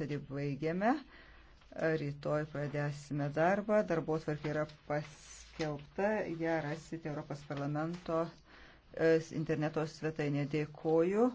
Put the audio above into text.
posėdį baigiame. Rytoj pradėsime darbą. Darbo tvarkė yra paskelbta. Ja rasite Europos parlamento e, interneto svetainė. Dėkoju.